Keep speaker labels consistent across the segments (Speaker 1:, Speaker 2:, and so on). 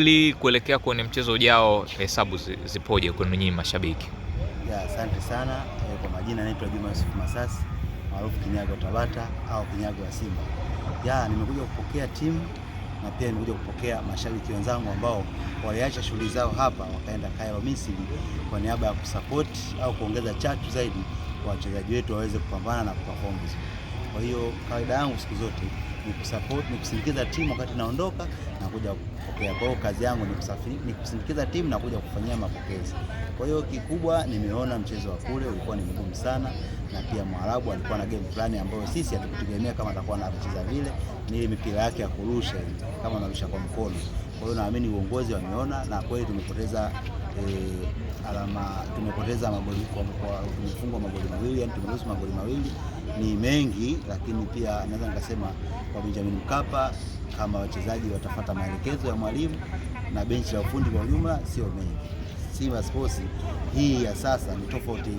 Speaker 1: Ili kuelekea kwenye mchezo ujao, hesabu zipoje kwenu nyinyi mashabiki? Ya, asante sana e, kwa majina naitwa Juma Yusuf Masasi maarufu Kinyago Tabata au Kinyago wa Simba. Ya, nimekuja kupokea timu na pia nimekuja kupokea mashabiki wenzangu ambao waliacha shughuli zao hapa wakaenda Cairo Misri kwa niaba ya kusapoti au kuongeza chachu zaidi kwa wachezaji wetu waweze kupambana na kuperform vizuri. Kwa hiyo kawaida yangu siku zote ni kusupport, ni kusindikiza timu wakati naondoka na kuja kupokea. Kwa hiyo kazi yangu ni kusafiri, ni kusindikiza timu na kuja kufanyia mapokezi. Kwa hiyo kikubwa, nimeona mchezo wa kule ulikuwa ni mgumu sana, na pia Mwarabu alikuwa na game plan ambayo sisi hatukutegemea kama atakuwa anacheza vile, ni mipira yake ya kurusha kama anarusha kwa mkono. Kwa hiyo naamini uongozi wameona, na kweli tumepoteza eh, alama tumepoteza magoli kwa, tumefungwa magoli mawili, yani tumeruhusu magoli mawili ni mengi, lakini pia naweza nikasema kwa Benjamin Mkapa kama wachezaji watafata maelekezo ya mwalimu na benchi la ufundi kwa ujumla sio mengi. Simba Sports hii ya sasa ni tofauti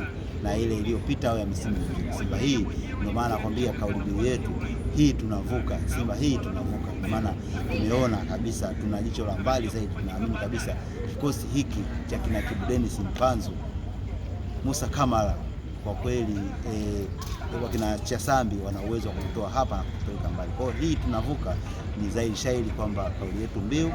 Speaker 1: na ile iliyopita au ya misimu mingine. Simba hii, ndio maana nakwambia kauli mbiu yetu hii, tunavuka. Simba hii tunavuka, kwa maana tumeona kabisa, tuna jicho la mbali zaidi. Tunaamini kabisa kikosi hiki cha kina Kibu Denis Mpanzu, Musa Kamara kwa kweli e, eh, wakina Chasambi wana uwezo wa kutoa hapa na kupeleka mbali. Kwa hiyo hii tunavuka ni zaidi shairi kwamba kauli yetu mbiu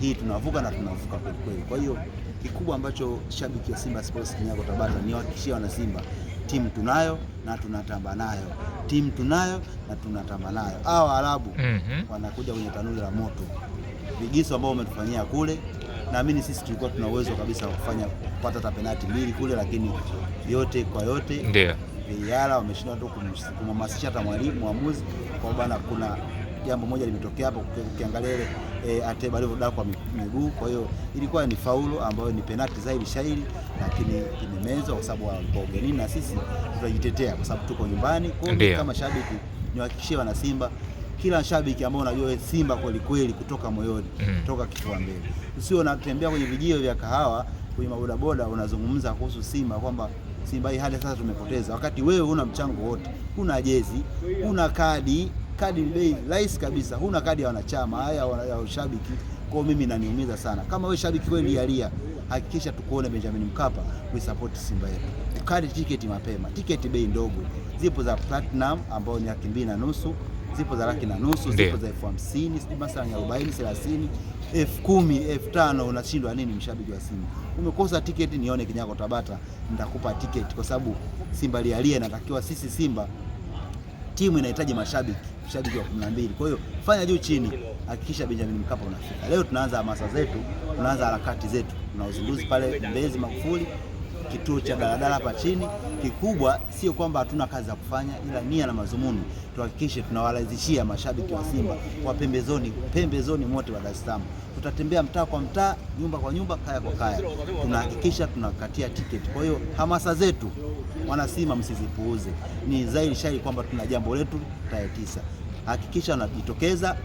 Speaker 1: hii tunavuka na tunavuka kweli kweli. Kwa hiyo kikubwa ambacho shabiki wa Simba Sports Kinyago Tabata ni wahakikishia wana Simba timu tunayo na tunatamba nayo, timu tunayo na tunatamba nayo. Hawa Waarabu mm -hmm. wanakuja kwenye tanuri la moto, vigiso ambao umetufanyia kule naamini sisi tulikuwa tuna uwezo kabisa wa kufanya kupata hata penati mbili kule, lakini yote kwa yote ndio VAR wameshindwa tu kumhamasisha hata mwalimu mwamuzi kwa bwana, kuna jambo moja limetokea hapo, ukiangalia ile e, Ateba alivyodaka kwa miguu. Kwa hiyo ilikuwa ni faulu ambayo ni penati zaidi shairi, lakini imemezwa kwa sababu walikuwa ugenini, na sisi tutajitetea kwa sababu tuko nyumbani. Kwa hiyo kama shabiki niwahakikishie wana Simba kila shabiki ambao unajua Simba kweli kweli, kutoka moyoni mm. kutoka kifua mbele. Usio unatembea kwenye vijio vya kahawa, kwenye mabodaboda, unazungumza kuhusu Simba kwamba Simba hii hadi sasa tumepoteza, wakati wewe una mchango wote, una jezi, una kadi, kadi bei rahisi kabisa, huna kadi ya wanachama haya ya ushabiki. Kwa mimi naniumiza sana. Kama wewe shabiki kweli alia, hakikisha tukuone Benjamin Mkapa kuisapoti Simba yetu, ukate tiketi mapema. Tiketi bei ndogo zipo za platinum ambayo ni laki mbili na nusu zipo za laki na nusu, zipo za elfu hamsini, sijui masalani arobaini, thelathini, elfu kumi, elfu tano. Unashindwa nini? Mshabiki wa Simba umekosa tiketi, nione Kinyago Tabata, nitakupa tiketi, kwa sababu Simba lialia inatakiwa. Sisi Simba timu inahitaji mashabiki, mshabiki wa kumi na mbili. Kwa hiyo fanya juu chini, hakikisha Benjamin Mkapa unafika. Leo tunaanza hamasa zetu, tunaanza harakati zetu, na uzinduzi pale Mbezi Magufuli kituo cha daladala hapa chini. Kikubwa sio kwamba hatuna kazi za kufanya, ila nia na mazumuni tuhakikishe tunawalazishia mashabiki wa Simba kwa pembezoni pembezoni mote wa Dar es Salaam. Tutatembea mtaa kwa mtaa, nyumba kwa nyumba, kaya kwa kaya, tunahakikisha tunakatia tiketi. Kwa hiyo hamasa zetu Simba msizipuuze. Ni zaidi shahiri kwamba tuna jambo letu tarehe tisa. Hakikisha unajitokeza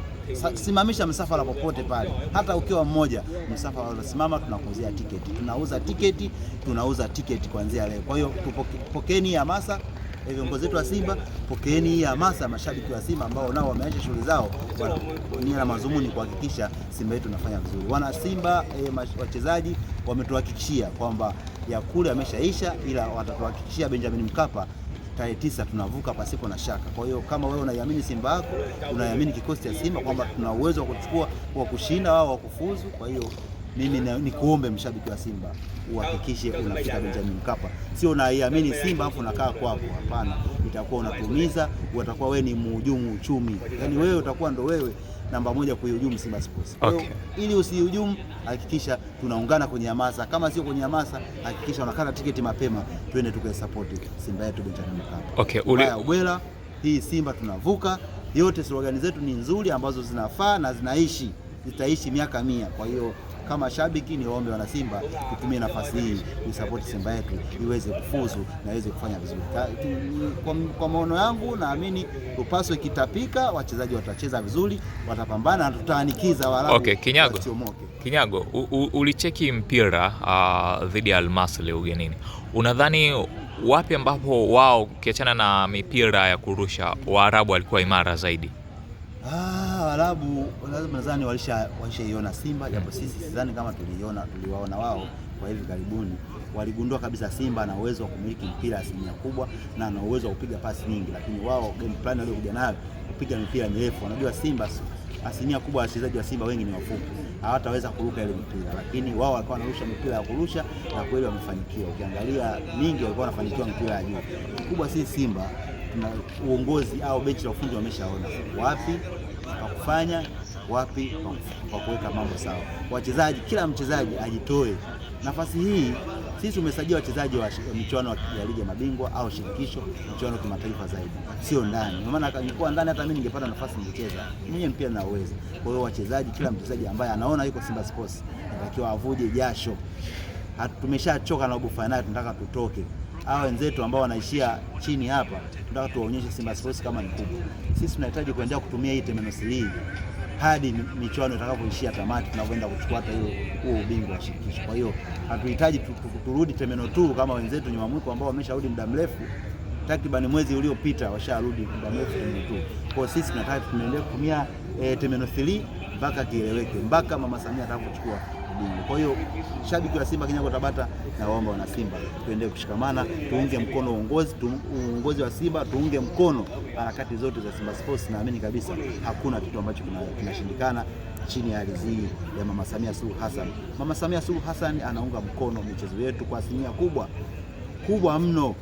Speaker 1: simamisha msafara popote pale, hata ukiwa mmoja msafara unasimama, tunakuuzia tiketi, tunauza tiketi, tunauza tiketi kuanzia leo. Kwa hiyo tupokeni hamasa eh, viongozi wetu wa Simba, pokeeni hii hamasa ya mashabiki wa Simba ambao nao wameacha shughuli zao nia na mazumuni kuhakikisha Simba yetu inafanya vizuri. Wana Simba e, wachezaji wametuhakikishia kwamba ya kule ameshaisha, ila watatuhakikishia Benjamin Mkapa tarehe tisa tunavuka pasipo na shaka. Kwa hiyo kama wewe unaiamini Simba yako, unaiamini kikosi cha Simba kwamba tuna uwezo wa kuchukua wa kushinda au wa kufuzu, kwa hiyo mimi nikuombe mshabiki wa Simba uhakikishe unafika Benjamin Mkapa, sio unaiamini Simba afu unakaa kwako. Hapana, itakuwa unatumiza, utakuwa wewe ni mhujumu uchumi, yaani wewe utakuwa ndo wewe namba moja kuihujumu Simba Sports. Kwa hiyo okay. Ili usihujumu, hakikisha tunaungana kwenye hamasa, kama sio kwenye hamasa, hakikisha unakata tiketi mapema, twende tukaisapoti Simba yetu Benjamin Mkapa. Okay, uli... ubwela hii Simba tunavuka yote. Slogani zetu ni nzuri ambazo zinafaa na zinaishi, zitaishi miaka mia. Kwa hiyo kama shabiki ni waombe wana Simba kutumia nafasi hii kuisapoti Simba yetu iweze kufuzu na iweze kufanya vizuri. Kwa, kwa maono yangu naamini upaso ikitapika, wachezaji watacheza vizuri, watapambana na tutaanikiza wala okay, Kinyago, Kinyago ulicheki mpira uh, dhidi ya Almasli ugenini, unadhani wapi ambapo wao ukiachana na mipira ya kurusha Waarabu walikuwa imara zaidi? ah. Waarabu lazima nadhani walishaiona Simba, japo sisi sidhani kama tuliona tuliwaona wao kwa hivi karibuni. Waligundua kabisa Simba ana uwezo wa kumiliki mpira asilimia kubwa na ana uwezo wa kupiga pasi nyingi, lakini wao game plan waliokuja nayo kupiga mipira mirefu. Wanajua Simba asilimia kubwa ya wachezaji wa Simba wengi ni wafupi, hawataweza kuruka ile mpira, lakini wao walikuwa wanarusha mipira ya kurusha na kweli wamefanikiwa. Ukiangalia mingi walikuwa wanafanikiwa mpira ya juu. Kikubwa si Simba na uongozi au benchi la ufundi wameshaona wapi pa kufanya, wapi kwa kuweka mambo sawa. Wachezaji, kila mchezaji ajitoe nafasi hii. Sisi tumesajili wachezaji wa michuano ya ligi ya mabingwa au shirikisho, michuano kimataifa zaidi, sio ndani. Kwa maana nilikuwa ndani, hata mimi ningepata nafasi ningecheza, mwenyewe pia na uwezo. Kwa hiyo wachezaji, kila mchezaji ambaye anaona yuko Simba Sports anatakiwa avuje jasho. Tumeshachoka na robo fainali, tunataka tutoke hawa wenzetu ambao wanaishia chini hapa, tunataka tuwaonyeshe Simba Sports kama ni kubwa. Sisi tunahitaji kuendelea kutumia hii terminology hii hadi michuano itakapoishia tamati, tunakwenda kuchukua hata hiyo huo ubingwa wa shirikisho. Kwa hiyo hatuhitaji turudi temeno tu kama wenzetu nyuma mwiko ambao wamesharudi muda mrefu, takriban mwezi uliopita washarudi muda mrefu terminal 2. Kwa hiyo sisi tunataka tuendelee kutumia e, eh, temeno 3 mpaka kieleweke, mpaka Mama Samia atakapochukua ubingwa. Kwa hiyo shabiki wa Simba Kinyago Tabata, na waomba wana Simba tuendelee kushikamana, tuunge mkono uongozi, uongozi wa Simba, tuunge mkono harakati zote za Simba Sports. Naamini kabisa hakuna kitu ambacho kinashindikana chini ya ardhi ya Mama Samia Suluhu Hassan. Mama Samia Suluhu Hassan anaunga mkono michezo yetu kwa asilimia kubwa kubwa mno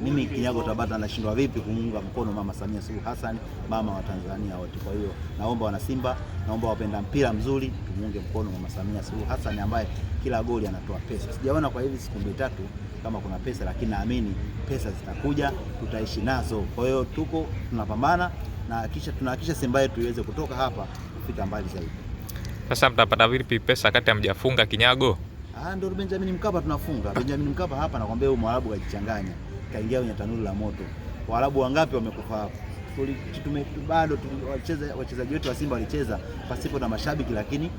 Speaker 1: mimi Kinyago Tabata nashindwa vipi kumuunga mkono Mama Samia Suluhu Hassan, mama wa Tanzania wote. Kwa hiyo naomba wanasimba, naomba wapenda mpira mzuri tumuunge mkono Mama Samia Suluhu Hassan ambaye kila goli anatoa pesa. Sijaona kwa hivi siku mbili tatu kama kuna pesa, lakini naamini pesa zitakuja, tutaishi nazo. Kwa hiyo tuko tunapambana na kisha tunahakisha Simba yetu iweze kutoka hapa kufika mbali zaidi. Sasa mtapata vipi pesa kati hamjafunga Kinyago? Ah, ndo Benjamin Mkapa tunafunga. Benjamin Mkapa hapa nakwambia huyu Mwarabu kajichanganya. Kaingia kwenye tanuru la moto. Waarabu wangapi wamekufa hapo? Bado wachezaji wetu wa Simba walicheza pasipo na mashabiki, lakini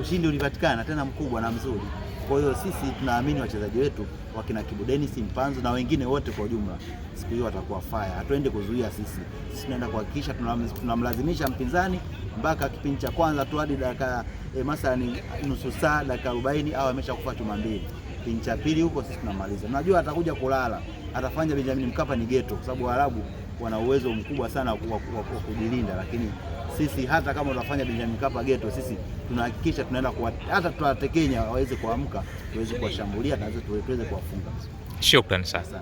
Speaker 1: ushindi ulipatikana tena mkubwa na mzuri. Kwa hiyo sisi tunaamini wachezaji wetu wakina Kibu Dennis Mpanzu na wengine wote kwa ujumla siku hiyo watakuwa fire. Hatuende kuzuia sisi, sisi tunaenda kuhakikisha tunamlazimisha mpinzani mpaka kipindi cha kwanza tu hadi dakika e, eh, mathalani nusu saa dakika 40 au amesha kufa chuma mbili. Kipindi cha pili huko sisi tunamaliza. Najua atakuja kulala, atafanya Benjamin Mkapa ni geto, kwa sababu Waarabu wana uwezo mkubwa sana wa kujilinda, lakini sisi hata kama tunafanya Benjamin Mkapa geto, sisi tunahakikisha tunaenda kwa hata tuwatekenya waweze kuamka, tuweze kuwashambulia na tuweze kuwafunga. Shukrani sana.